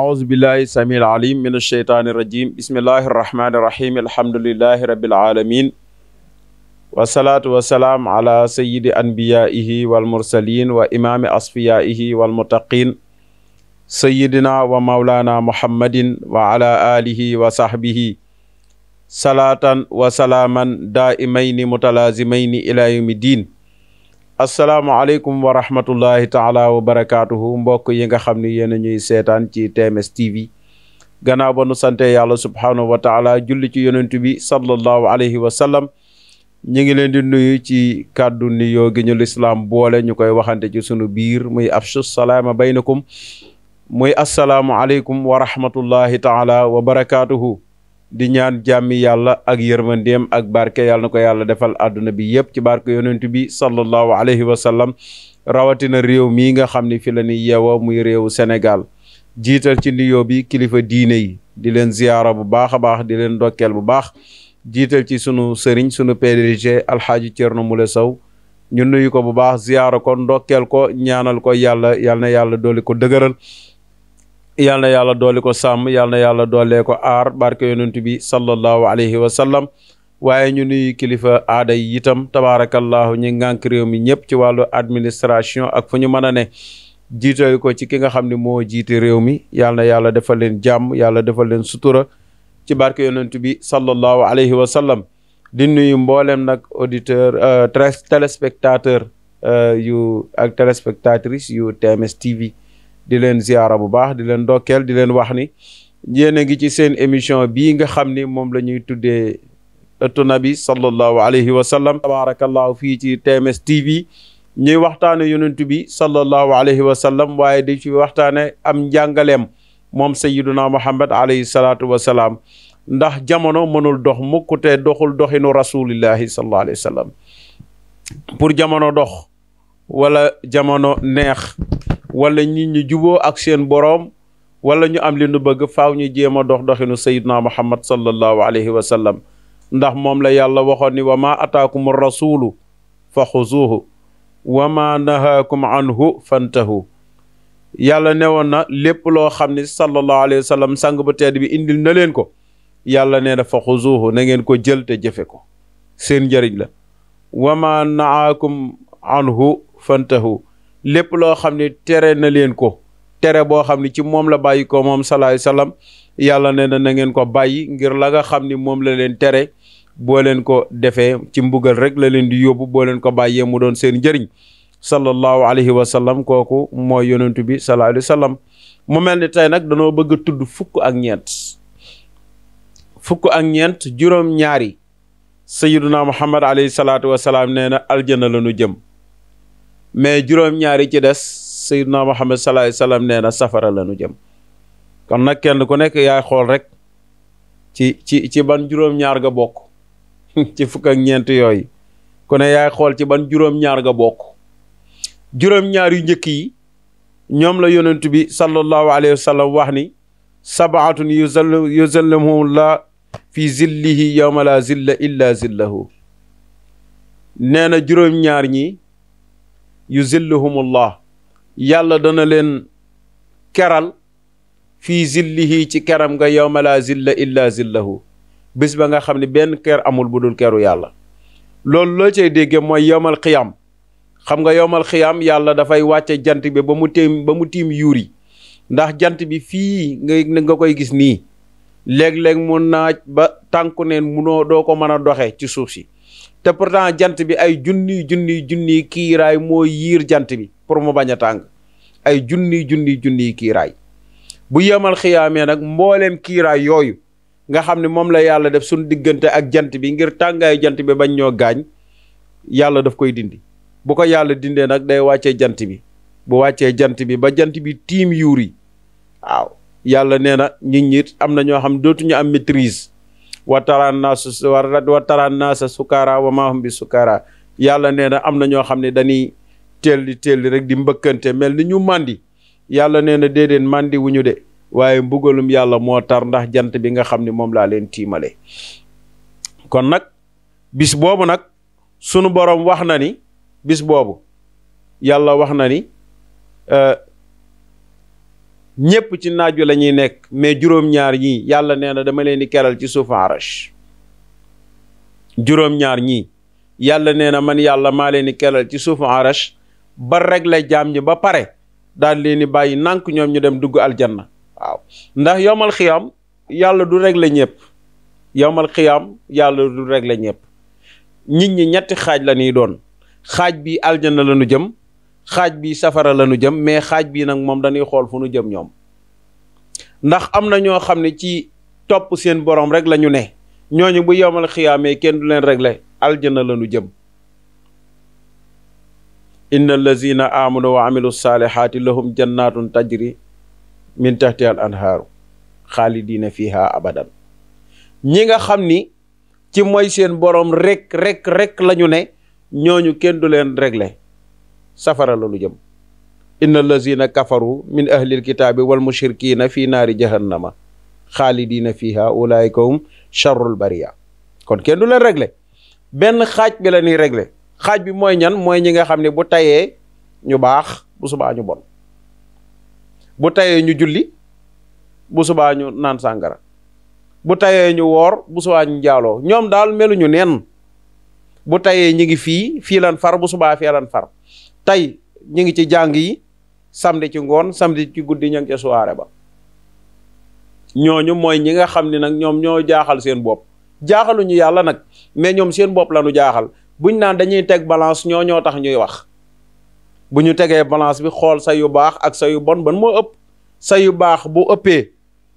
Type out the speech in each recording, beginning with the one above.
أعوذ بالله السميع العليم من الشيطان الرجيم بسم الله الرحمن الرحيم الحمد لله رب العالمين والصلاة والسلام على سيد أنبيائه والمرسلين وإمام أصفيائه والمتقين سيدنا ومولانا محمد وعلى آله وصحبه صلاة وسلاما دائمين متلازمين إلى يوم الدين asalaamaaleykum wa rahmatullahi taala wa barakaatuhu mbokk yi nga xam ni yéen ñuy seetaan ci TMS TV gannaaw ba nu sante yàlla subhaanahu wa taala julli ci yonent bi sallallahu alayhi wa sallam ñu ngi leen di nuyu ci kàddu ni yoo ñu lislaam boole ñu koy waxante ci sunu biir muy afshu salaama baynakum muy asalaamualeykum wa rahmatullahi taala wa barakaatuhu di ñaan jàmmi yàlla ak yërmandeem ak barke yàlla ko yàlla defal àdduna bi yëpp ci barke yonent bi sallallahu alayhi wa sallam rawatina réew mii nga xam ni fi la ñuy yeewoo muy réewu senegal jiital ci nuyoo bi kilifa diine yi di leen ziyaara bu baax a baax di leen ndokkeel bu baax jiital ci sunu sëriñ sunu PDG alxaaji Thierno Moule Sow ñu nuyu ko bu baax ziyaara ko ndokkeel ko ñaanal ko yàlla yàlla na yàlla dooli ko dëgëral yal na yàlla dooli ko sàmm yal na yàlla doolee ko aar barke yonent bi sallallahu alayhi wa sallam waaye ñu nuyu kilifa aada yi itam tabaarakallahu ñi ngànk réew mi ñëpp ci wàllu administration ak fu ñu mën a ne jiitoy ko ci ki nga xam ni moo jiite réew mi yal na yàlla defal leen jàmm yàlla defal leen sutura ci barke yonent bi sallallahu alayhi wa sallam di nuyu mboolem nag auditeur euh, téléspectateur euh, yu ak téléspectatrice yu TMS TV di leen ziyaara bu baax di leen ndokkeel di leen wax ni yéen a ngi ci seen émission bii nga xam ni moom la ñuy tuddee ëttu bi sallallahu alayhi wa sallam tabaarakallahu fii ci TMS TV ñuy waxtaane yonent bi sallallahu alayhi wa sallam waaye di ci waxtaane am njàngaleem moom sayyiduna muhammad alayhi salaatu wa salaam ndax jamono mënul dox mukk te doxul doxinu rasulillahi sallallahu alayhi wa sallam jamono dox wala jamono neex wala ñi ñu juboo ak seen boroom wala ñu am li nu bëgg faaw ñu jéem a dox doxinu sayidna muhammad sallallahu alayhi wa sallam ndax moom la yàlla waxoon ni wa maa ataakum rasulu fa xuzuuhu wa maa nahaakum anhu fantahu yàlla ne woon na lépp loo xam ne sallallahu alayhi wa sallam sang bu tedd bi indil na leen ko yàlla nee na fa xuzuuhu na ngeen ko jël te jëfe ko seen njëriñ la wa maa nahaakum anhu fantahu lépp loo xam ne tere na leen ko tere boo xam ne ci moom la bàyyi ko moom salaay salaam yàlla nee na na ngeen ko bàyyi ngir la nga xam ni moom la leen tere boo leen ko defee ci mbugal rek la leen di yóbbu boo leen ko bàyyee mu doon seen njëriñ sallallahu alayhi wa sallam kooku mooy yonentu bi sallallahu alayhi wa mu mel ni tey nag danoo bëgg a tudd fukk ak ñeent fukk ak ñeent juróom-ñaari sayyiduna muhammad alayhi salaatu wasalaam nee na aljana la nu jëm mais juróom-ñaari ci des sayyidna Muhammad sallallahu alayhi wasallam nee na safara la nu jëm kon nag kenn ku nekk yaay xool rek ci ci ci ban juróom-ñaar nga bokk ci fukk ak ñeent yooyu yaay xool ci ban juróom-ñaar bokk juróom yu njëkk yi ñoom la yonent bi sallallahu alayhi wasallam wax ni sabaatun yuzallamuhumullah fi zillihi fi la zilla illa zillahu nee na juróom-ñaar ñi yuzilluhumullah yàlla dana leen keral fii zillihi ci keram nga yawma laa zilla illa zillahu bis ba nga xam ne benn ker amul bu dul keru yàlla loolu loo cay dégge mooy yowmal xiyaam xam nga yowmal xiyaam yàlla dafay wàcce jant bi ba mu tiim ba mu tiim yuur yi ndax jant bi fii nga nga koy gis nii léeg-léeg mu naaj ba tànku neen munoo doo ko mën a doxe ci suuf si te pourtant jant bi ay junni junni junni kiiraay moo yiir jant bi pour mu bañ a tàng ay junni junni junni kiiraay bu yemal xiyaamee nag mboolem kiiraay yooyu nga xam ne moom la yàlla def suñ diggante ak jant bi ngir tàngaayu jant bi bañ ñoo gaañ yàlla daf koy dindi bu ko yàlla dindee nag day wàccee jant bi bu wàccee jant bi ba jant bi tiim yuur yi waaw yàlla nee na nit am na ñoo xam dootuñu am maîtrise wa taraan naa su wa taraan naa sa sukaara wa maahum bi sukaara yàlla nee na am na ñoo xam ne dañuy telli telli rek di mbëkkante mel ni ñu màndi yàlla nee na déedéet màndi wu ñu de waaye mbugalum yàlla moo tar ndax jant bi nga xam ni moom laa leen tiimale kon nag bis boobu nag sunu borom wax na ni bis boobu yàlla wax na ni euh, ñépp ci naaju la ñuy nekk mais juróom-ñaar ñii yàlla nee na dama leen di keral ci suufu arash juróom-ñaar yàlla nee na man yàlla maa leen di keral ci suufu arash ba régler jaam ñi ba pare daal leen di bàyyi nànk ñoom ñu dem dugg aljanna waaw ndax yomal xiyam yàlla du régler ñépp yomal yàlla du régler ñépp nit ñi ñetti xaaj la ñuy doon xaaj bi aljanna la jëm xaaj bi safara la nu jëm mais xaaj bi nag moom dañuy xool fu nu jëm ñoom ndax am na ñoo xam ne ci topp seen boroom rek la ñu ne ñooñu bu yomal xiyaamee kenn du leen réglé aljana la nu jëm inna allazina amanu wa amilu saalihaati lahum jannatun tajri min tahti al anhaaru xaalidina fiha ñi nga xam ni ci mooy seen borom rek rek rek la ñu ne ñooñu kenn du leen regle safara la lu jëm inna allazina kafaru min ahlil kitaabi wal mushrikina fii naari jahannama xaalidina fiha ulaayika hum charrul bariya kon kenn du leen régler benn xaaj bi la ñuy régler xaaj bi mooy ñan mooy ñi nga xam ne bu tayee ñu baax bu subaa ñu bon bu tayee ñu julli bu subaa ñu naan sàngara bu tayee ñu woor bu subaa ñu jaaloo ñoom daal meluñu neen bu tayee ñi ngi fii fii lan far bu subaa fii lan far tey ñu ngi ci jàng yi samedi ci ngoon samedi ci guddi ña ngi ca ba ñooñu mooy ñi nga xam ni nag ñoom ñoo jaaxal seen bopp jaaxaluñu yàlla nag mais ñoom seen bopp la ñu jaaxal buñ naan dañuy teg balance ñoo ñoo tax ñuy wax bu ñu tegee balance bi xool sa yu baax ak sa yu bon ban moo ëpp sa yu baax bu ëppee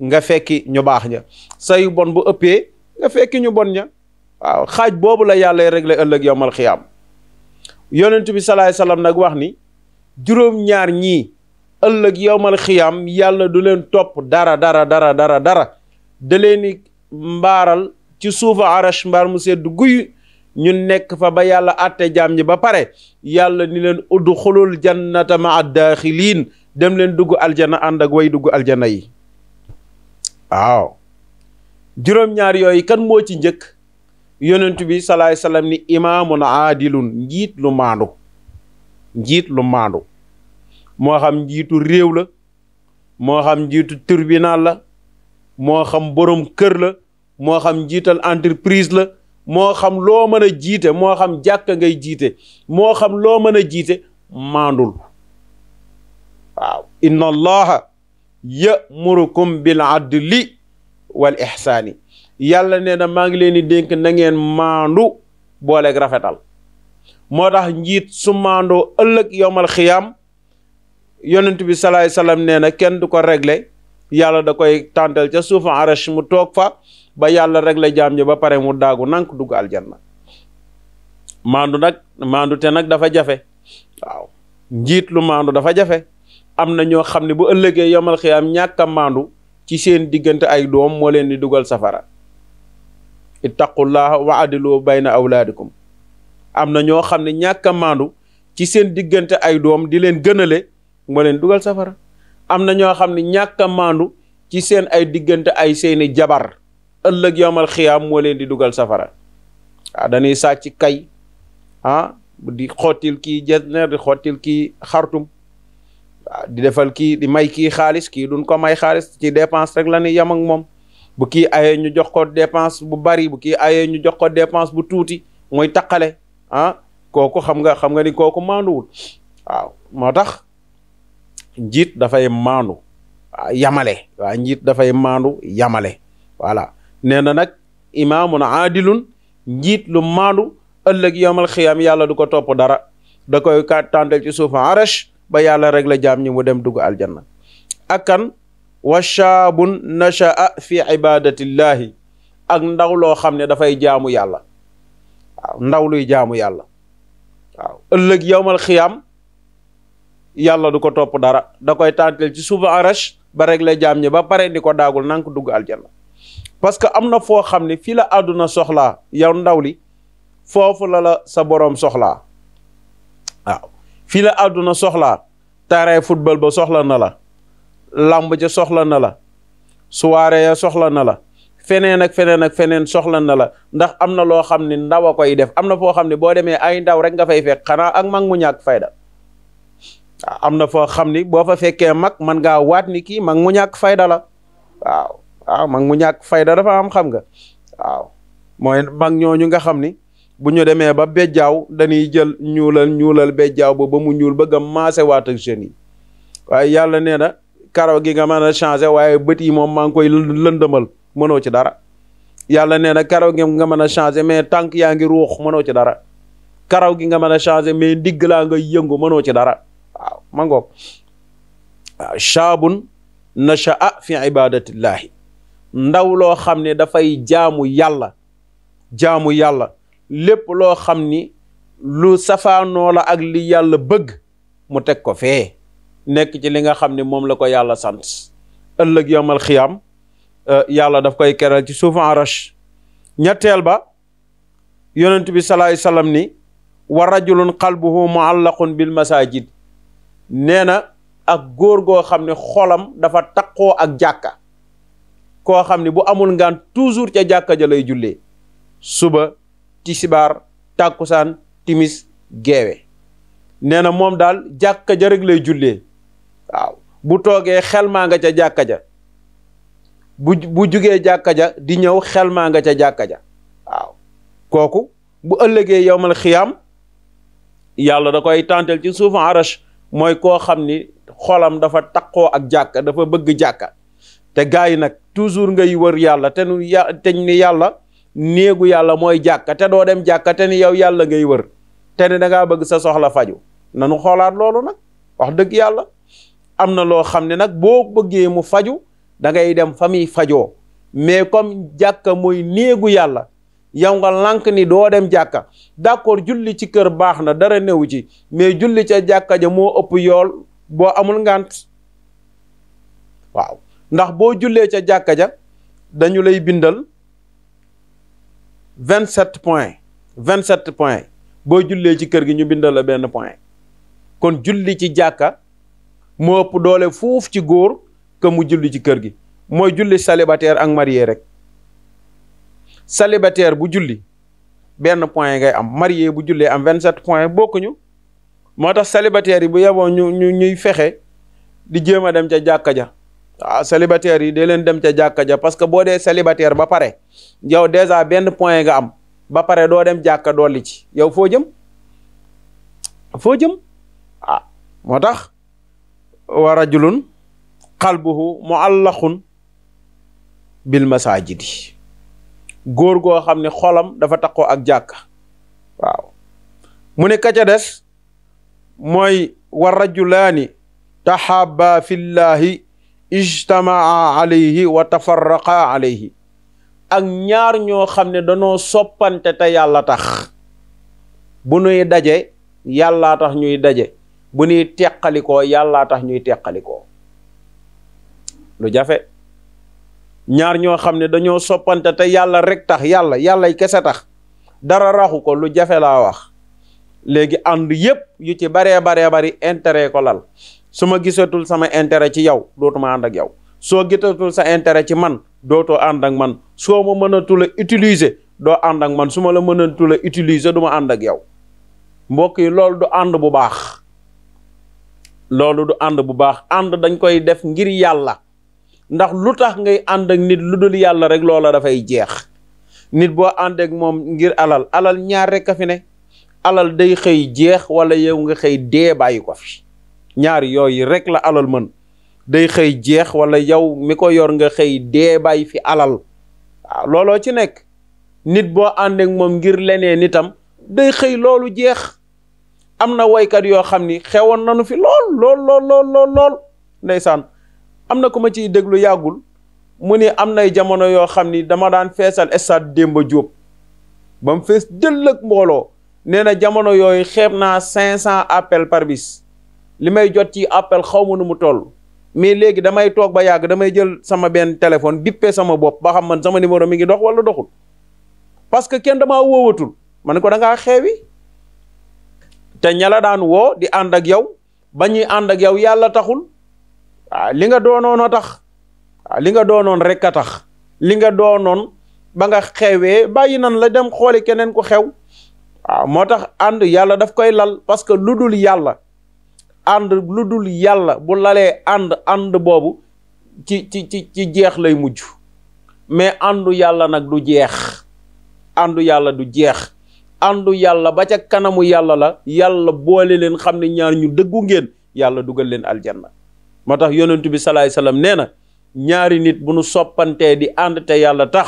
nga fekki ñu baax ña sa yu bon bu ëppee nga fekki ñu bon ña waaw xaaj boobu la yàlla régler ëllëg yowmal xiyaam yonent bi salaay salaam nag wax ni juróom-ñaar ñii ëllëg yowmal xiyaam yàlla du leen topp dara dara dara dara dara da leeni mbaaral ci suufa arash mbaar mu sedd guy ñu nekk fa ba yàlla àtte jaam ñi ba pare yàlla ni leen udxulul jannata ma addaaxiliin dem leen dugg aljana ànd ak way dugg aljana yi waaw juróom-ñaar yooyu kan moo ci njëkk yonent bi salaay salaam ni imaamun aadilun njiit lu maandu njiit lu maandu moo njiitu réew la moo njiitu tribunal la moo xam borom kër la moo xam njiital entreprise la mooxam xam loo mën a jiite moo xam ngay jiite moo xam loo mën a jiite maandul waaw inna allaha bil adli wal ihsaani yàlla nee na maa ngi leen di dénk na ngeen maandu booleek rafetal moo tax njiit su maandoo ëllëg yowmal xiyaam yonent bi salaay salaam nee na kenn du ko regle yàlla da koy tàntal ca suufa arash mu toog fa ba yàlla régler jaam ñi ba pare mu daagu nank dugg aljanna maandu nag maandu te nag dafa jafe waaw njiit maandu dafa jafe am na ñoo xam ne bu ëllëgee yomal xiyaam ñàkk maandu ci seen diggante ay doom moo leen di dugal safara ittaqullaha wa adilu bayna awlaadikum am na ñoo xam ne ñàkk maandu ci seen diggante ay doom di leen gënale moo leen dugal safara am na ñoo xam ne ñàkk maandu ci seen ay diggante ay seeni jabar ëllëg yowmal xiyaam moo leen di dugal safara waaw ah, dañuy sàcc kay ah di xottil kii jesner di xottil kii xartum ah, di defal kii di may kii xaalis kii duñ ko may xaalis ci dépense rek la ñuy ak moom bu kii ayee ñu jox ko dépense bu bari bu kii ayee ñu jox ko dépense bu tuuti mooy taqale ah kooku xam nga xam nga ni kooku maanduwul waaw moo tax njiit dafay maandu yamale waaw njiit dafay maandu yamale voilà nee na nag imaamun aadilun njiit lu maandu ëllëg yowmal xiyaam yàlla du ko topp dara da koy ka tàndal ci suufa arash ba yàlla rek la jaam ñi mu dem dugg aljanna ak wa shaabun nasha'a fi ibadatillahi ak ndaw loo xam ne dafay jaamu yàlla waaw ndaw luy jaamu yàlla waaw ëllëg yowmal xiyaam yàlla du ko topp dara da koy tàntel ci suufu arash ba rek la jaam ñi ba pare di ko daagul nank dugg aljanna parce que am na foo xam ne fii la àdduna soxlaa yow ndaw li foofu la la sa boroom soxlaa waaw fii la àdduna soxlaa tare football ba soxla na la làmb ja soxla na la soirée ya soxla na la feneen ak feneen ak feneen soxla na la ndax am na loo xam ne ndaw koy def am na foo xam ne boo demee ay ndaw rek nga fay xanaa ak mag mu ñàkk fayda am na foo xam ni boo fa fekkee mag man ngaa waat ni kii mag mu ñàkk fayda la waaw mag mu ñàkk fayda dafa am xam nga waaw mooy mag ñooñu nga xam ni bu ñu demee ba bejaaw dañuy jël ñuulal ñuulal bejjaaw ba ba mu ñuul bëgg a maase waat ak jeunes yi karaw gi nga mën a changé waaye bët yi moom maa ngi koy lëndëmal mënoo ci dara yàlla nee na karaw gi nga mën a changé mais tànk yaa ngi ruux mënoo ci dara karaw gi nga mën a changé mais ndigg laa nga yëngu mënoo ci dara waaw ma ngoog waaw shaabun fi ibadatillahi ndaw loo xam ne dafay jaamu yàlla jaamu yàlla lépp loo xam ni lu safaanoo la ak li yàlla bëgg mu teg ko fee nekk ci li nga xam ne moom la ko yàlla sant ëllëg yomal xiyaam euh, yàlla daf koy keral ci suufu arash ñetteel ba yonent bi salaay salaam ni wa rajulun qalbuhu muallaqun bil masajid nee na ak góor goo xam ne xoolam dafa taqoo ak jàkka koo xam ne bu amul ngaan toujours ca jàkka ja lay jullee suba tisibaar takkusaan timis geewe nee na moom daal jàkka ja lay jullee waaw bu toogee xel maa nga ca jàkka ja bu bu jugee jàkka ja di ñëw xel maa nga ca jàkka ja waaw kooku bu ëllëgee yowmal xiyaam yàlla da koy tàntal ci suufu arash mooy koo xam ni xolam dafa taqoo ak jàkka dafa bëgg jàkka te gars yi nag toujours ngay wër yàlla te nu ya te ni yàlla néegu yàlla mooy jàkka te doo dem jàkka te ni yow yàlla ngay wër te ni da bëgg sa soxla faju nanu xoolaat loolu nag wax dëgg yàlla am na loo xam ne nag boo bëggee mu faju da ngay dem fa muy fajoo mais comme jàkka mooy néegu yàlla yow nga lànk ni doo dem jàkka d'accord julli ci kër baax na dara newu ci mais julli ca jàkka ja moo ëpp yool boo amul ngant waaw ndax boo jullee ca jàkka ja dañu lay bindal vingt sept point vingt sept point boo jullee ci kër gi ñu bindal la benn point kon julli ci jàkka moo doole fuuf ci góor que mu julli ci kër gi mooy julli célibataire ak marié rek célibataire bu julli benn point ngay am marié bu jullee am vingt sept point bokkuñu moo tax célibataire yi bu yeboo ñu ñuy fexe di jéem a dem ca jàkka ja waaw ah, yi dee leen dem ca jàkka ja parce que boo dee célibataire ba pare yow dèjà benn point nga am ba pare doo dem jàkka dolli ci yow foo jëm foo jëm ah moo tax wa rajulun qalbuhu muallaqun bil masajidi góor goo xam ne xolam dafa taqoo ak jàkka waaw mu ne ka ca des mooy wa rajulaani taxaaba fillahi ijtamaa alayhi wa tafarraqa alayhi ak ñaar ñoo xam ne danoo soppante te yàlla tax bu nuy daje yàllaa tax ñuy daje bu ñuy teqalikoo yàllaa tax ñuy teqalikoo lu jafe ñaar ñoo xam ne dañoo soppante te yàlla rek tax yàlla yàllay kese tax dara raxu ko lu jafe laa wax léegi ànd yépp yu ci baree baree bari intérêt ko lal su ma gisatul sama intérêt ci yow dootuma ànd ak yow soo gisatul sa intérêt ci man dootoo ànd ak man soo ma mënatul a utiliser doo ànd ak man su ma la mënatul a utiliser du ma ànd ak yow mbokk loolu du ànd bu baax loolu du ànd bu baax ànd dañ koy def ngir yàlla ndax lu tax ngay àndak nit lu dul yàlla rek loola dafay jeex nit boo ànd moom ngir alal alal ñaar rek fi ne alal day xëy jeex wala yow nga xëy dee bàyyi ko fi ñaar rek la alal mën day xëy jeex wala yow mi ko yor nga xëy dee bàyyi fi alal waaw looloo ci nekk nit boo ànd moom ngir leneen itam day xëy loolu jeex am na woykat yoo xam ni xewoon nañu fi lool lool lool lool lool lool ndeysaan am na ku ma ciy déglu yàggul mu ni am nay jamono yoo xam ni dama daan feesal stade Demba Diop ba mu fees dëll ak mbooloo nee na jamono yooyu xeeb naa cinq cent appel par bis li may jot ci appel xaw ma nu mu toll mais léegi damay toog ba yàgg damay jël sama benn téléphone bippee sama bopp ba xam man sama numéro mi ngi dox wala doxul parce kenn damaa woowatul man ko da xeewi te ña la daan woo di ànd ak yow ba ñuy ànd ak yow yàlla taxul waaw ah, li nga doonoon a tax ah, li nga doonoon rek a tax li nga doonoon ba nga xewee bàyyi nan la dem xooli keneen ku xew waaw ah, moo tax ànd yàlla daf koy lal parce que lu dul yàlla ànd lu dul yàlla bu lalee ànd ànd boobu ci ci ci ci jeex lay mujj mais àndu yàlla nag du jeex àndu yàlla du jeex àndu yàlla ba ca kanamu yàlla la yàlla boole leen xam ne ñaar ñu dëggu ngeen yàlla dugal leen aljanna moo tax yonent bi salaay salaam nee na ñaari nit bu nu soppantee di ànd te yàlla tax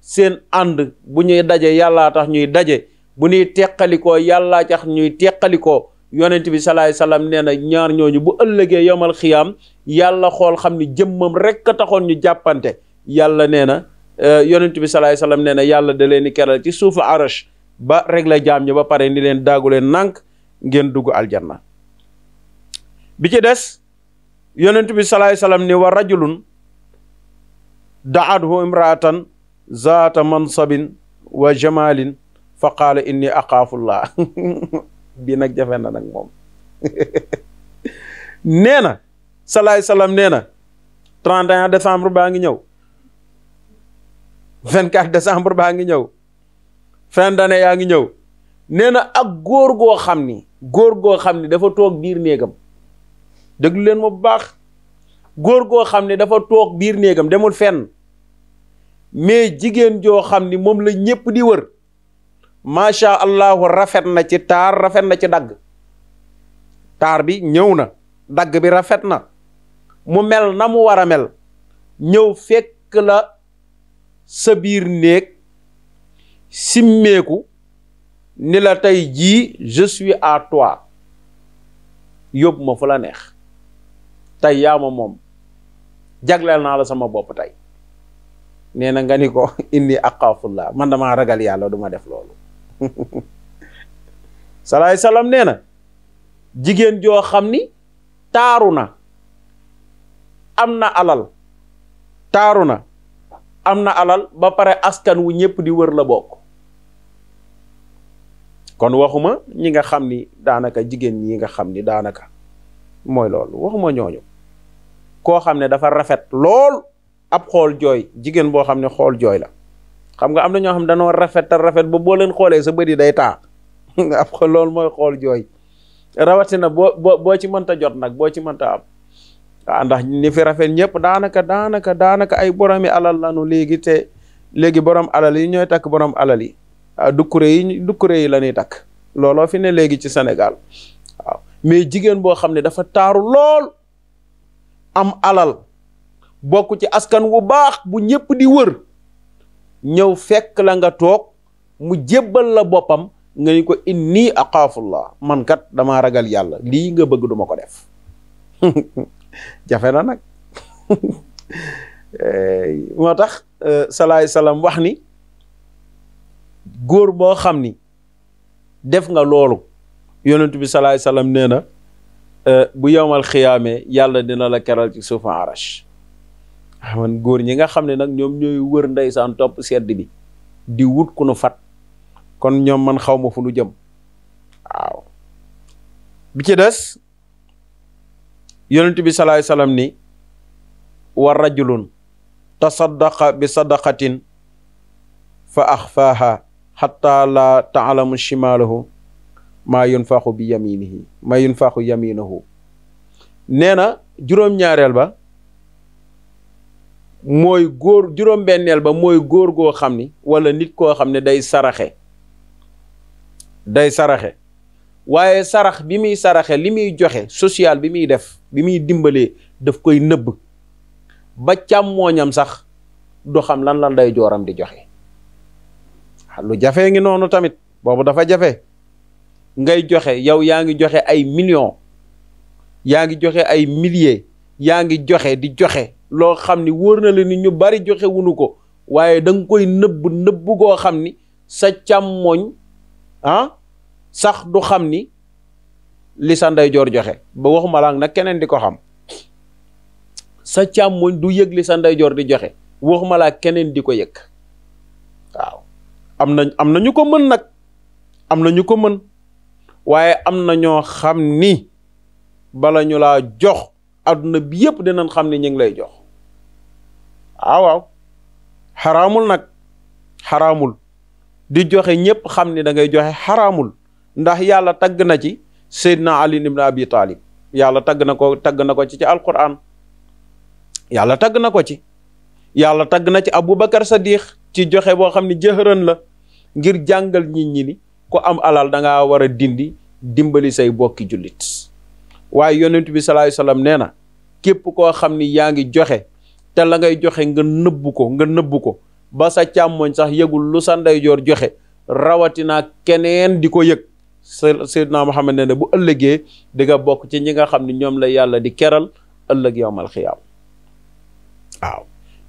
seen ànd bu ñuy daje yàllaa tax ñuy daje bu ñuy teqalikoo yàllaa tax ñuy teqalikoo yonent bi salaay salaam nee na ñaar ñooñu bu ëllëgee yomal xiyaam yàlla xool xam ne jëmmam rekk a taxoon ñu jàppante yàlla nee na eh, yonent bi salaay salaam nee na yàlla da leen di keral ci suufu arash ba régler jaam ñi ba pare ni leen daagu leen nànk ngeen dugg aljanna bi ci des yonent bi salaay salaam ni wa rajulun daathu imraatan zaata mansabin wa jamalin fa indi inni aqaafullah bii nag jafe na nag moom nee na salaay salaam nee na 31 décembre baa ngi ñëw 24 décembre baa ngi ñëw fin d'année yaa ngi ñëw nee na ak góor goo xam ni góor goo xam ni dafa toog biir néegam dëgg leen ma bu baax góor goo xam ne dafa toog biir néegam demul fenn mais jigéen joo xam ni moom la ñépp di wër macha allahu rafet na ci taar rafet na ci dagg taar bi ñëw na dagg bi rafet na mu mel na mu war a mel ñëw fekk la sa biir néeg simmeeku ni la tey jii je suis à toi yóbbu la neex tey yaa moom jagleel naa la sama bopp tey nee na nga ni ko inni aqaafullah man damaa ragal yàlla duma def loolu salaay salaam nee na jigéen joo xam ni taaru na am na alal taaru na am na alal ba pare askan wu ñépp di wër la bokk kon waxuma ñi nga xam ni daanaka jigéen ñi nga xam ni daanaka mooy loolu waxuma ñooñu koo xam ne dafa rafet lool ab xool jooy jigéen boo xam ne xool jooy la xam nga am na ñoo xam ne danoo rafet te rafet ba boo leen xoolee sa bëri day taa nga ab xool loolu mooy xool jooy rawatina boo boo boo ci mënta jot nag boo ci mënta am ah ndax ni fi rafet ñëpp daanaka daanaka daanaka ay boromi alal lanu léegi te léegi borom alal yi ñooy takk borom alal yi Ah, dukkure yi dukkure yi la takk looloo fi ne léegi ci Sénégal mais jigéen boo xam ne dafa taaru lool am alal bokk ci askan wu baax bu ñépp di wër ñëw fekk la nga toog mu jébbal la boppam nga ni ko inni aqaafullah man kat dama ragal yàlla lii nga bëgg duma ko def jafe na nag eh, moo tax euh, salaay salaam wax ni góor boo xam ni def nga loolu yonent bi salaay salaam nee na euh, bu yowmal xiyaamee yàlla dina la keral ci suufu arash ah, góor ñi nga xam ne nag ñoom ñooy wër ndeysaan topp sedd bi di wut ku fat kon ñoom man xaw ma fu nu jëm waaw bi ci des yonent bi salaay salaam ni wa rajulun tasaddaqa bi sadaqatin fa axfaaha xataa laa taalamu chimaalahu maa yunfaxu bi yaminihi maa yunfaxu yaminahu nee na juróom-ñaareel ba mooy góor ba mooy góor goo xam ni wala nit koo xam ne day saraxe day saraxe waaye sarax bi muy saraxe li muy joxe social bi muy def bi muy dimbalee daf koy nëbb ba càmmooñam sax du xam lan lan day jooram di joxe lu jafee ngi noonu tamit boobu dafa jafe ngay joxe yow yaa ngi joxe ay millions yaa ngi joxe ay milliers yaa ngi joxe di joxe loo xam ni wóor na la ni ñu bari joxe wunu ko waaye danga koy nëbb nëbb goo xam ni sa càmmoñ ah sax du xam ni li sa ndeyjoor joxe ba waxuma la nag keneen di ko xam sa càmmoñ du yëg li sa ndeyjoor di joxe waxuma malaa keneen di ko yëg waaw am na am na ñu ko mën nag am na ñu ko mën waaye am na ñoo xam ni bala ñu laa jox adduna bi yépp dinañ xam ni ñu ngi lay jox waaw ah, waaw xaraamul nag xaraamul di joxe ñépp xam ni dangay joxe xaramul ndax yàlla tagg na ci Seydina Ali ibn Abi Talib yàlla tagg na ko tagg na ko ci ci alquran yàlla tagg na ko ci yàlla tagg na ci Abubakar Sadiq ci joxe boo xam ni jëhëran la ngir jàngal nit ñi ni ku am alal danga ngaa war a dindi dimbali say bokki jullit waaye yonent bi sallallahu alayhi wasallam nee na képp koo xam ni yaa ngi joxe te la ngay joxe nga nëbb ko nga nëbbu ko ba sa càmmoñ sax yëgul lu sa ndeyjoor joxe rawatina keneen di ko yëg Seydina Muhammad nee na bu ëllëgee di nga bokk ci ñi nga xam ni ñoom la yàlla di keral ëllëg yawmal xiyaam waaw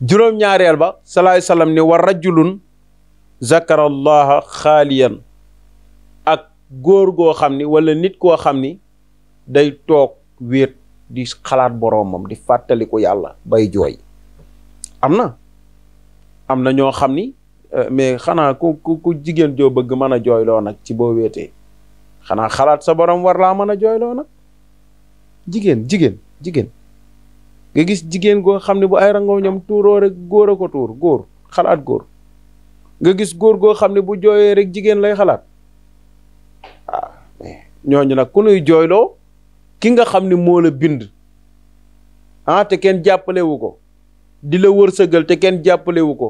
juróom-ñaareel ba sallallahu alayhi wasallam ni wa rajulun zakarallaha xaaliyan ak góor goo xam ni wala nit koo xam ni day toog wéet di xalaat boroomam di fàttaliku yàlla bay jooy am na am na ñoo xam ni euh, mais xanaa ku ku jigéen joo bëgg mën a jooyloo nag ci boo wéetee xanaa xalaat sa boroom war laa mën a jooyloo nag jigéen jigéen jigéen nga gis jigéen goo xam ne bu ay rangoo tuuroo rek góor a ko tuur góor xalaat góor nga gis góor goo xam ne bu jooyee rek jigéen lay xalaat ah, ñooñu nag ku nuy jooyloo ki nga xam ni moo la bind ah te kenn jàppalewu ko di la wërsëgal te kenn jàppalewu ko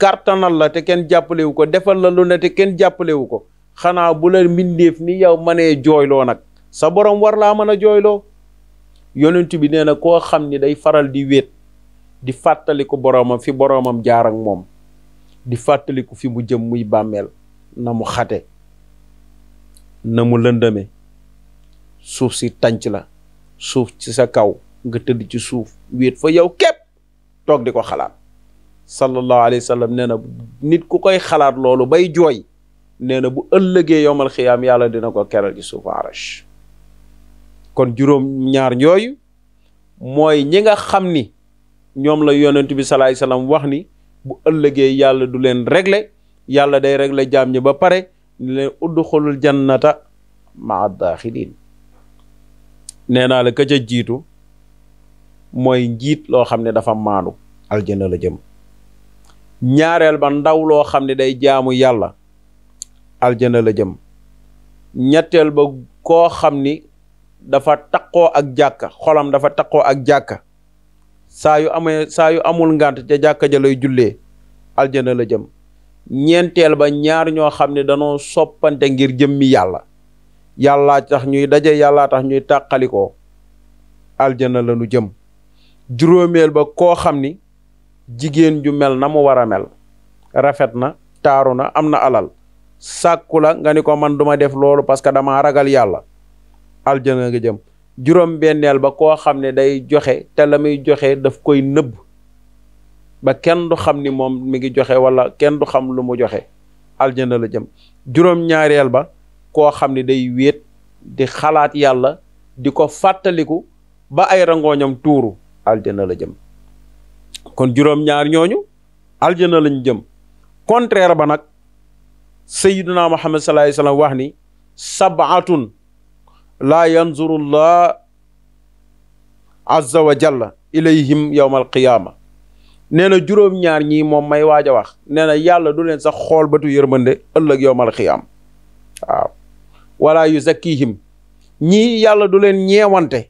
kartanal la te kenn jàppalewu ko defal la ne te kenn jàppalewu ko xanaa bu la mbindeef ni yow mënee jooyloo nag sa borom war laa mën a jooyloo yonent bi nee na koo xam ni day faral di wéet di fàttali ko boroomam fi boroomam jaar moom di fàttaliku fi mu jëm muy bàmmeel na mu xate na mu lëndëme suuf si tànc la suuf ci sa kaw nga tëdd ci suuf wéet fa yow képp toog di ko xalaat sallallahu alayhi wa sallam nit ku koy xalaat loolu bay jooy nee na bu ëllëgee yomal xiyaam yàlla dina ko keral ci suufu arash kon juróom ñaar yooyu mooy ñi nga xam ni ñoom la yonent bi sallallahu alayhi wa sallam wax ni bu ëllëgee yàlla du leen régler yàlla day régler jaam ñi ba pare ni leen udxulul jannata maa daaxilin nee naa la ka jiitu mooy njiit loo xam ne dafa maandu aljana la jëm ñaareel ba ndaw loo xam ne day jaamu yàlla aljana la jëm ñetteel ba koo xam ni dafa taqoo ak jàkka xolam dafa taqoo ak jàkka saa yu amee saa yu amul ngànt ca jàkka ja lay jullee aljana la jëm ñeenteel ba ñaar ñoo xam ne danoo soppante ngir jëmmi yàlla yàllaa tax ñuy daje yàllaa tax ñuy tàqalikoo aljana la nu jëm juróomeel ba koo xam ni jigéen ju mel na mu war a mel rafet na taaru na am na alal sàkku la nga ni ko man duma def loolu parce que damaa ragal yàlla aljana nga jëm juróom-benneel ba koo xam ne day joxe te la muy joxe daf koy nëbb ba kenn du xam ni moom mi ngi joxe wala kenn du xam lu mu joxe aljana la jëm juróom ba koo xam ne day wéet di xalaat yàlla di ko fàttaliku ba ay tuuru aljana la jëm kon juróom-ñaar ñooñu aljana lañ jëm contraire ba nag sayyiduna muhammad sallallahu alayhi wasallam wax ni sabaatun laa yanzuru llah azza wa jalla ilayhim yawma alqiyaama nee na juróom-ñaar ñii moom may waaj a wax nee na yàlla du leen sax xool ba batu yërmande ëllëg yawma alqiyaama waaw wala yuzakkihim ñii yàlla du leen ñeewante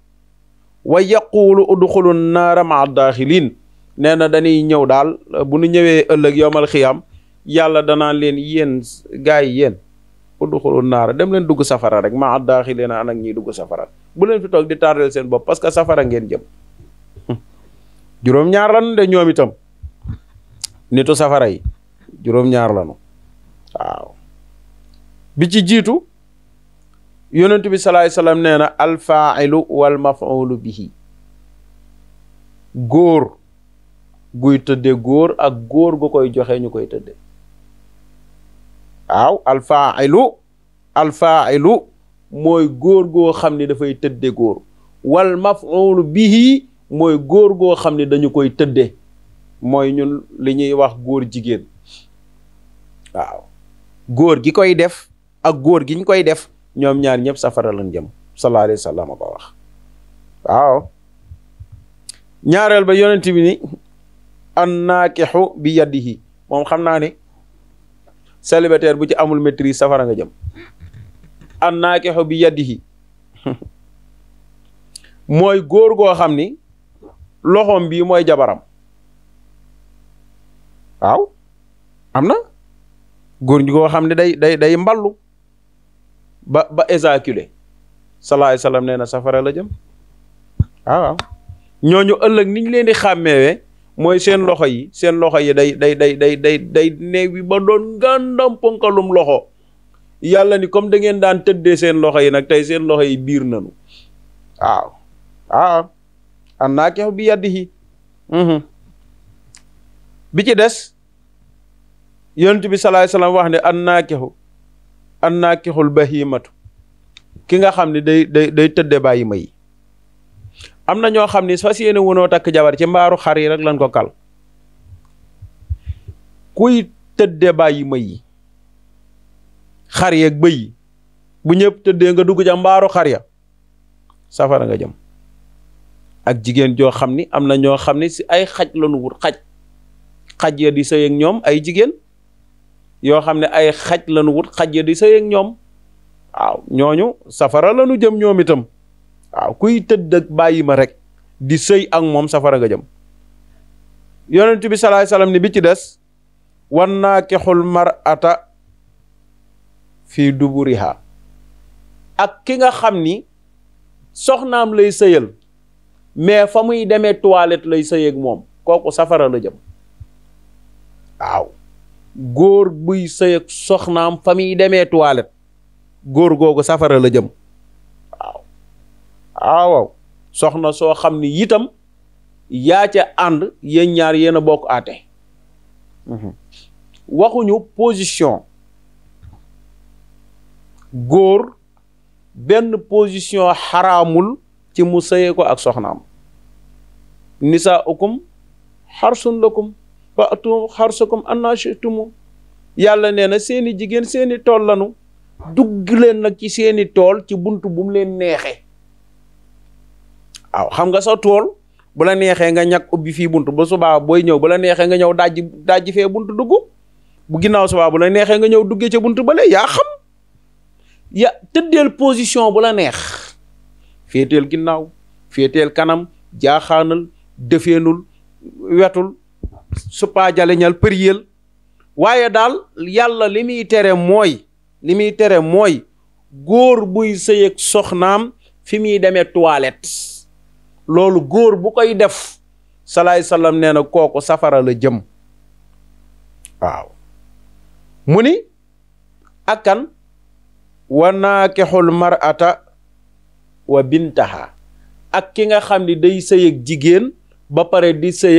wa yaquulu udxulu naara maa daaxiliin nee na dañuy ñëw daal bu nu ñëwee ëllëg yawmal xiyaam yàlla danaa leen yéen gaay yéen udxulu naara dem leen dugg safara rek maa daaxileena an ak ñiy dugg safara bu leen fi toog di tardel seen bopp parce que safara ngeen jëm juróom-ñaar lanu de ñoom itam nitu safara yi juróom-ñaar lanu bi ci jiitu yonent bi salaay salaam nee na alfaailu wal mafaulu bihi góor guy tëdde góor ak góor gu koy joxe ñu koy tëdde waaw alfaailu alfaailu mooy góor goo xam ne dafay tëdde góor wal mafuulu bihi mooy góor goo xam ne dañu koy tëdde mooy ñun li ñuy wax góor jigéen waaw góor gi koy def ak góor gi koy def ñoom ñaar ñëpp safara lañ jëm sallallahu alayhi wa sallam ko wax waaw ñaareel ba yonent bi ni an naakixu bi yadihi moom xam naa ne célibataire bu ci amul maîtrise safara nga jëm an naakixu bi yadihi mooy góor goo xam ni loxoom bii mooy jabaram waaw am na góor goo xam ne day day day mballu ba ba éjaculé salaay salaam nee na safara la jëm waaw waaw ñooñu ëllëg niñ leen di xàmmeewee mooy seen loxo yi seen loxo yi day day day day day day neewi ba doon ngàndam ponkalum loxo yàlla ni comme dangeen daan tëddee seen loxo yi nag tey seen loxo yi biir nanu waaw waaw an naa keex bi yaddihi mhm. bi ci des yonent bi salaay salaam wax ne an naa kexu an naa kexul bahimatu ki nga xam ne day day day tëdde bàyyi ma yi am na ñoo xam ni fas yéene wunoo takk jabar ci mbaaru xar yi rek lañ ko kaal kuy tëdde bàyyi ma yi xar yeeg bëy bu ñëpp tëddee nga dugg ca mbaaru xar safara nga jëm ak jigéen joo xam ni am na ñoo xam ni si ay xaj lañu wut xaj ya di sëy ñoom ay jigéen yoo xam ne ay xaj lañu wut xaj di sëy ñoom waaw ñooñu safara lañu jëm ñoom itam waaw kuy tëdd ak bàyyi ma rek di sëy ak moom safara nga jëm yonent bi salaay salaam ni bi ci des wan naa kexul mar'ata fii du duburiha ak ki nga xam ni soxnaam lay sëyal mais fa muy demee toilette lay sëyeek moom kooku safara la jëm waaw góor buy sëyeeg soxnaam fa muy demee toilette góor googu safara la jëm waaw soxna soo xam ni itam yaa ca ànd yéen ñaar yéen a bokk aate mhm. waxuñu position góor benn position xaramul ci mu sëyee ko ak soxnaam nisa ukum xarsun lakum fatu xarsakum anna shitumu yàlla nee na seeni jigéen seeni tool lanu dugg leen nag ci seeni tool ci bunt bum leen neexe waaw xam nga sa tool bu la neexee nga ñàkk ubbi fii bunt ba subaa booy ñëw bu la neexee nga ñëw dajji dajji fee bunt dugg bu ginnaaw subaa bu la neexee nga ñëw duggee ca bunt bale yaa xam ya tëddeel position bu la neex féeteel ginnaaw féeteel kanam jaaxaanal defeenul wetul supaa jaleñal përiyeel waaye daal yàlla li muy tere mooy li muy tere mooy góor buy sëy ak soxnaam fi muy demee toilette loolu góor bu koy def salaay salaam nee na kooku safara la jëm waaw mu ni akkan wa naakixul mar'ata wa bintaha ak ki nga xam ni day sëy jigéen ba pare di sëy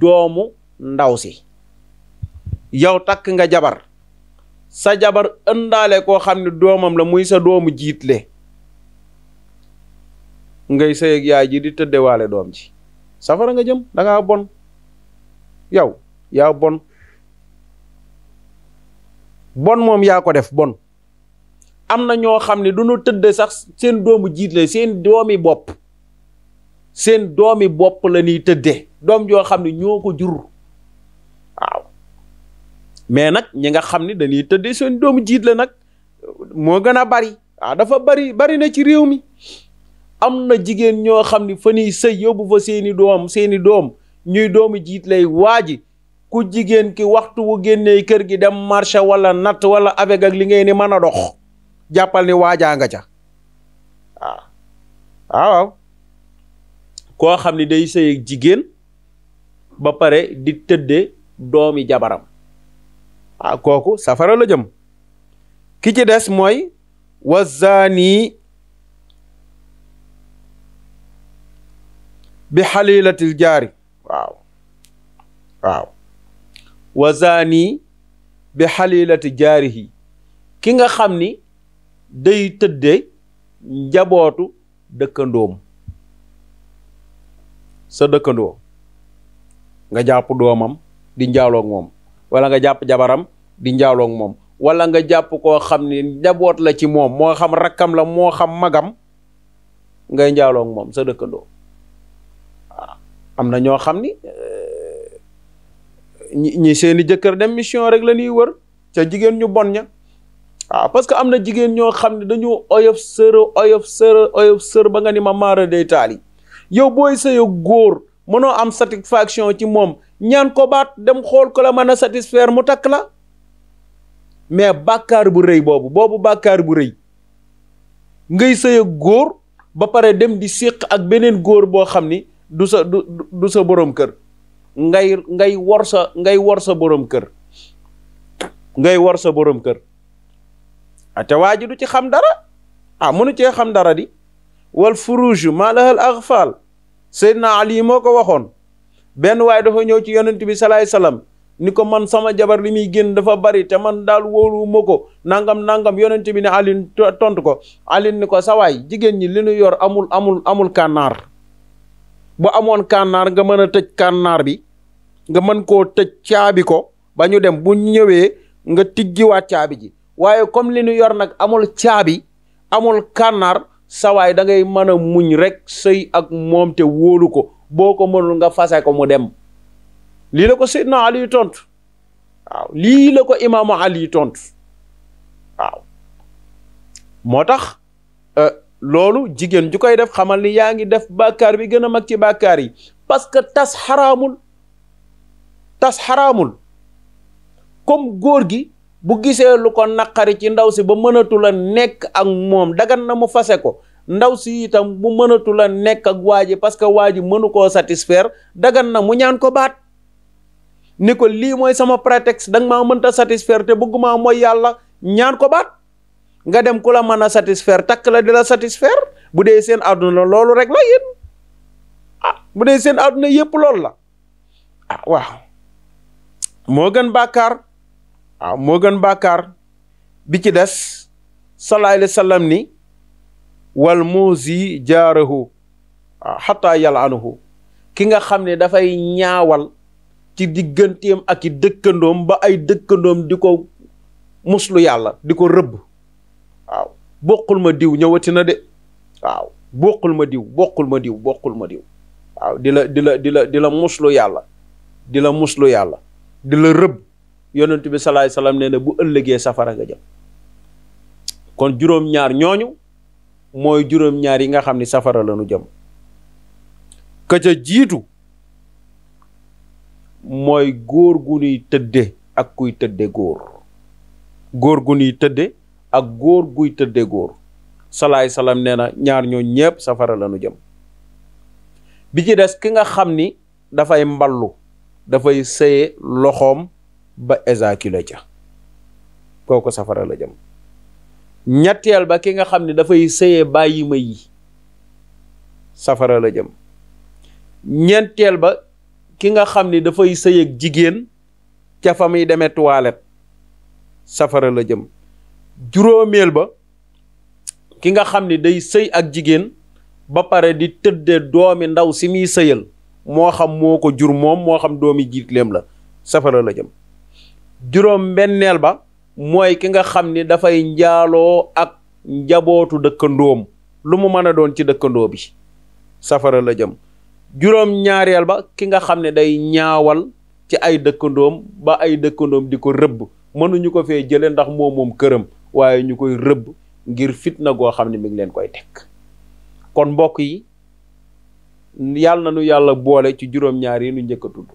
doomu ndaw si yow takk nga jabar sa jabar ëndaale koo xam ne doomam la muy sa doomu jiitle ngay sëy ak yaay ji di tëddewaale doom ji safara nga jëm danga bon yow yaa bon bon moom yaa ko def bon am na ñoo xam ne du ñu tëdd sax seen doomu jiit la seen doomi bopp seen doomi bopp la ñuy tëddee doom joo xam ne ñoo ko jur waaw mais nag ñi nga xam ne dañuy tëddee seen doomu jiit la nag moo gën a bari ah dafa bari bari na ci réew mi am na jigéen ñoo xam ni fa ñuy yóbbu fa seeni doom seeni doom ñuy doomu jiit lay waaji ku jigéen ki waxtu wu génnee kër gi dem marché walla natt wala avec ak li ngay ni mën a dox jàppal ni waajaa nga ca ah. Ah, waaw koo xam ni day sëy jigéen ba pare di tëddee doomi jabaram ah kooku safara la jëm ki ci des mooy wazaani bi xalilatil jaari waaw waaw wa zaani bi xalilati jaarihi ki nga xam ni day tëdde njabootu dëkkandoom sa dëkkandoo nga jàpp doomam di njaaloog moom wala nga jàpp jabaram di njaaloog moom wala nga jàpp koo xam ni njaboot la ci moom moo xam rakkam la moo xam magam ngay njaaloog moom sa dëkkandoo am na ñoo xam ni euh, ñi seeni jëkkër dem mission rek la ñuy wër ca jigéen ñu bon ña waaw ah, parce que am na jigéen ñoo xam ne dañu oyof sër oyof sër ba nga ni ma maara day taal yi yow booy sëyo góor mënoo am satisfaction ci moom ñaan ko baat dem xool ko la mën a satisfaire mu takk la mais bàkkaar bu rëy boobu boobu bàkkaar bu rëy ngay sëyo góor ba pare dem di séq ak beneen góor boo xam ni du sa du sa boroom kër ngay ngay wor sa ngay wor sa boroom kër ngay wor sa boroom kër ate waa ji du ci xam dara ah mënu cee xam dara di wal furuju maa lahal agfaal naa Ali moo ko waxoon benn waaye dafa ñëw ci yonent bi salaay salaam ni ko man sama jabar li muy génn dafa bari te man daal wóoluwuma ko nangam nangam yonent bi ne Alioune tontu ko Alioune ni ko sa waay jigéen ñi li nu yor amul amul amul kànnaar bu amoon kànnaar nga mën a tëj kànnaar bi nga mën koo tëj caabi ko ba ñu dem bu ñëwee nga tijjiwaat caabi ji waaye comme li ñu yor nag amul caabi amul kànnaar sawaay dangay ngay mën a muñ rekk sëy ak moom te wóolu ko boo ko mënul nga fase ko mu dem lii la ko Seydina Ali tontu waaw lii la ko imaamu Ali tontu waaw moo tax euh, loolu jigéen ju koy def xamal ni yaa ngi def bàkkaar bi gën a mag ci bakkaar yi parce que tas xaraamul tas xaraamul comme góor gi bu gisee lu ko naqari ci ndaw si ba mënatu la nekk ak moom dagan na mu fase ko ndaw si itam bu mënatul la nekk ak waaj ji parce que waa ji mënu koo satisfaire dagan na mu ñaan ko baat ni ko lii mooy sama prétexte danga maa mënta satisfaire te bëgguma mooy yàlla ñaan ko baat nga dem ku la mën a satisfaire takk la di la satisfaire bu dee seen àdduna loolu rek la yéen ah bu dee seen àdduna yépp loolu la ah waaw moo gën bàkkaar ah, moo gën bàkkaar bi ci des sallallahu alayhi ni wal muusi jaarahu waaw ah, xataa yalaanuhu ki nga xam ne dafay ñaawal ci digganteem ak i dëkkandoom ba ay dëkkandoom di ko muslu yàlla di ko rëbb bokkul ma diw ñëwati na de waaw bokkul ma diw bokkul ma diw bokkul ma diw waaw di la di la di la di muslu yàlla di la muslu yàlla di la rëbb yonent bi salaay salaam nee na bu ëllëgee safara nga jëm kon juróom-ñaar ñooñu mooy juróom-ñaar yi nga xam ni safara lañu nu jëm ka ca jiitu mooy góor gu nuy tëdde ak kuy tëdde góor góor gu nuy tëdde ak góor guy tëddee góor salaay salaam nee na ñaar ñoo ñépp safara lañu jëm bi ci des ki nga xam ni dafay mballu dafay sëye loxoom ba éjaculé ca kooku safara la jëm ñetteel ba ki nga xam ni dafay sëye bàyyi ma safara la jëm ñeenteel ba ki nga xam ni dafay sëy jigéen ca fa muy demee toilette safara la jëm juróomeel ba ki nga xam ni day sëy ak jigéen ba pare di tëddee doomi ndaw si muy sëyal moo xam moo ko jur moom moo xam doomi jiitleem la safara la jëm juróom benneel ba mooy ki nga xam ni dafay njaaloo ak njabootu dëkkandoom lu mu mën a doon ci dëkkandoo bi safara la jëm juróom ba ki nga xam ne day ñaawal ci ay dëkkandoom ba ay dëkkandoom di ko rëbb mënuñu ko fee jële ndax moo moom këram waaye ñu koy rëbb ngir fitna goo xam ne mi ngi leen koy teg kon mbokk yi yàlla na nu yàlla boole ci juróom-ñaar yi nu njëkk tudd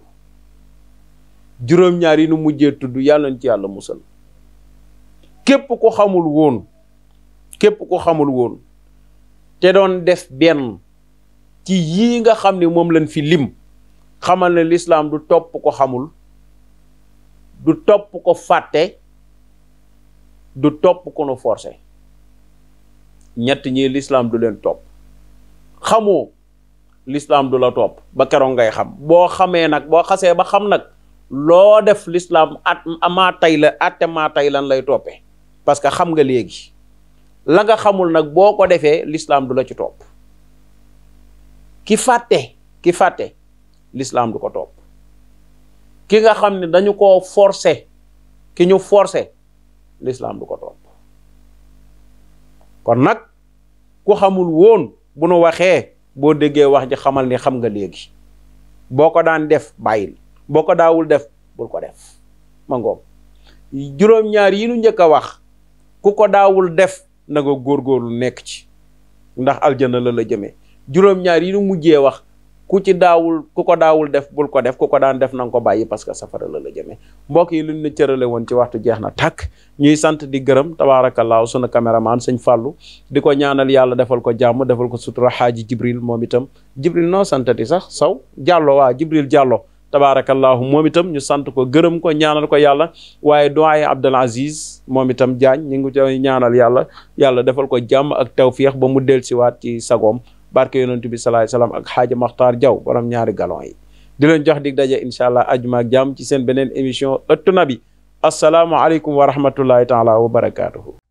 juróom-ñaar yi nu mujjee tudd yàlla nañ ci yàlla musal képp ko xamul woon képp ko xamul woon te doon def benn ci yii nga xam ni moom lañ fi lim xamal na lislaam du topp ko xamul du topp ko fàtte du topp ku nu forcé ñett ñi lislaam du leen topp xamoo lislaam du la topp ba keroog ngay xam boo xamee nag boo xasee ba xam nag loo def lislaam at maa tay lan lay toppee parce que xam nga léegi la nga xamul nag boo ko defee lislaam du la ci topp ki fàtte ki fàtte lislaam du ko topp ki nga xam ni dañu ko forcé ki ñu forcé lislaam du ko topp kon nag ku xamul woon bu nu waxee boo déggee wax ji xamal ni xam nga léegi boo ko daan def bàyyil boo ko daawul def bul ko def ma ngoom juróom-ñaar yi nu njëkk a wax ku ko daawul def na góor góorgóorlu nekk ci ndax aljana la la jëmee juróom-ñaar yi nu mujjee wax ku ci daawul ku ko daawul def bul ko def ku ko daan def na ko bàyyi parce que safara la la jëmee mbokk yi lu ñu cërale woon ci waxtu jeex na tàkk ñuy sant di gërëm tabaarakallaahu sunu caméraman sëñ Fallou di ko ñaanal yàlla defal ko jàmm defal ko sutura xaaji Jibril moom itam Jibril noo santati sax saw Jàllo waa Jibril Jàllo moom itam ñu sant ko gërëm ko ñaanal ko yàlla waaye doyen Abdel Aziz moom itam Diagne ñu ngi ko ñaanal yàlla yàlla defal ko jàmm ak tawféex ba mu dellusiwaat ci sagoom barke yonent bi salaay salaam ak xaaja Maxtaar Jaw borom ñaari galon yi di leen jox dig daje incha allah ajuma ak jàmm ci seen beneen émission ëttu nabi asalaamualeykum wa rahmatullahi taala wa barakaatuhu